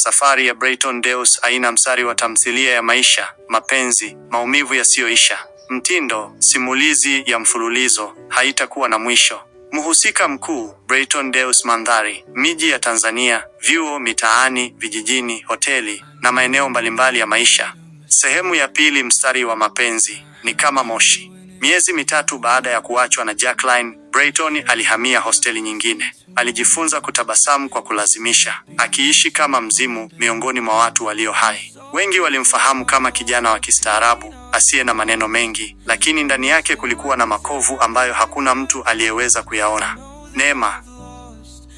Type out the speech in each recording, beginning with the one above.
safari ya Brayton Deus aina mstari wa tamthilia ya maisha, mapenzi, maumivu yasiyoisha, mtindo simulizi ya mfululizo, haitakuwa na mwisho. Mhusika mkuu Brayton Deus. Mandhari: miji ya Tanzania, vyuo, mitaani, vijijini, hoteli na maeneo mbalimbali ya maisha. Sehemu ya pili, mstari wa mapenzi ni kama moshi. Miezi mitatu baada ya kuachwa na Jacqueline, Brayton alihamia hosteli nyingine. Alijifunza kutabasamu kwa kulazimisha, akiishi kama mzimu miongoni mwa watu walio hai. Wengi walimfahamu kama kijana wa kistaarabu asiye na maneno mengi, lakini ndani yake kulikuwa na makovu ambayo hakuna mtu aliyeweza kuyaona. Neema,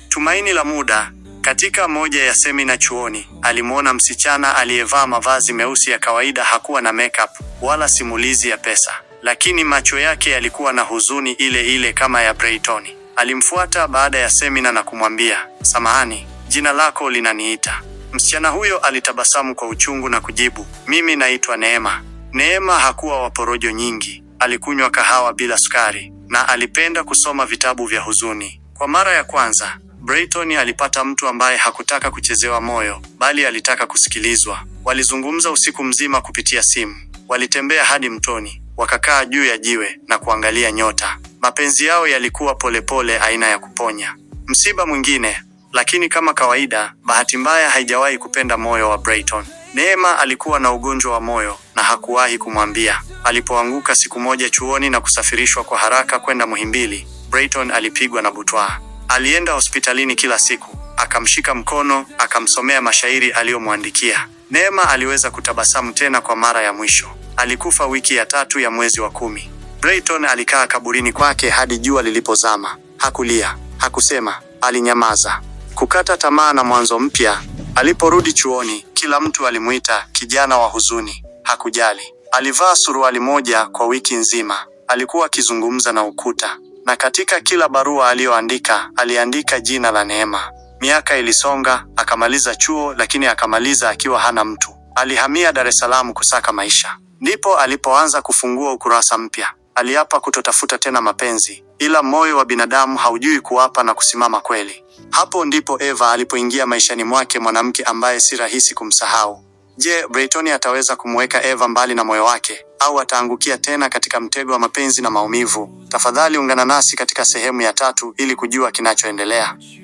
tumaini la muda. Katika moja ya semina chuoni, alimwona msichana aliyevaa mavazi meusi ya kawaida, hakuwa na makeup wala simulizi ya pesa lakini macho yake yalikuwa na huzuni ile ile kama ya Brayton. Alimfuata baada ya semina na kumwambia, samahani, jina lako linaniita. Msichana huyo alitabasamu kwa uchungu na kujibu, mimi naitwa Neema. Neema hakuwa waporojo nyingi, alikunywa kahawa bila sukari na alipenda kusoma vitabu vya huzuni. Kwa mara ya kwanza Brayton alipata mtu ambaye hakutaka kuchezewa moyo, bali alitaka kusikilizwa. Walizungumza usiku mzima kupitia simu, walitembea hadi mtoni wakakaa juu ya jiwe na kuangalia nyota. Mapenzi yao yalikuwa polepole, aina ya kuponya. Msiba mwingine, lakini kama kawaida, bahati mbaya haijawahi kupenda moyo wa Brayton. Neema alikuwa na ugonjwa wa moyo na hakuwahi kumwambia. Alipoanguka siku moja chuoni na kusafirishwa kwa haraka kwenda Muhimbili, Brayton alipigwa na butwaa. Alienda hospitalini kila siku, akamshika mkono, akamsomea mashairi aliyomwandikia. Neema aliweza kutabasamu tena kwa mara ya mwisho. Alikufa wiki ya tatu ya mwezi wa kumi. Brayton alikaa kaburini kwake hadi jua lilipozama. Hakulia, hakusema, alinyamaza. Kukata tamaa na mwanzo mpya. Aliporudi chuoni, kila mtu alimuita kijana wa huzuni. Hakujali. Alivaa suruali moja kwa wiki nzima. Alikuwa akizungumza na ukuta, na katika kila barua aliyoandika aliandika jina la Neema. Miaka ilisonga, akamaliza chuo, lakini akamaliza akiwa hana mtu. Alihamia Dar es Salaam kusaka maisha. Ndipo alipoanza kufungua ukurasa mpya. Aliapa kutotafuta tena mapenzi, ila moyo wa binadamu haujui kuapa na kusimama kweli. Hapo ndipo Eva alipoingia maishani mwake, mwanamke ambaye si rahisi kumsahau. Je, Brayton ataweza kumweka Eva mbali na moyo wake au ataangukia tena katika mtego wa mapenzi na maumivu? Tafadhali ungana nasi katika sehemu ya tatu ili kujua kinachoendelea.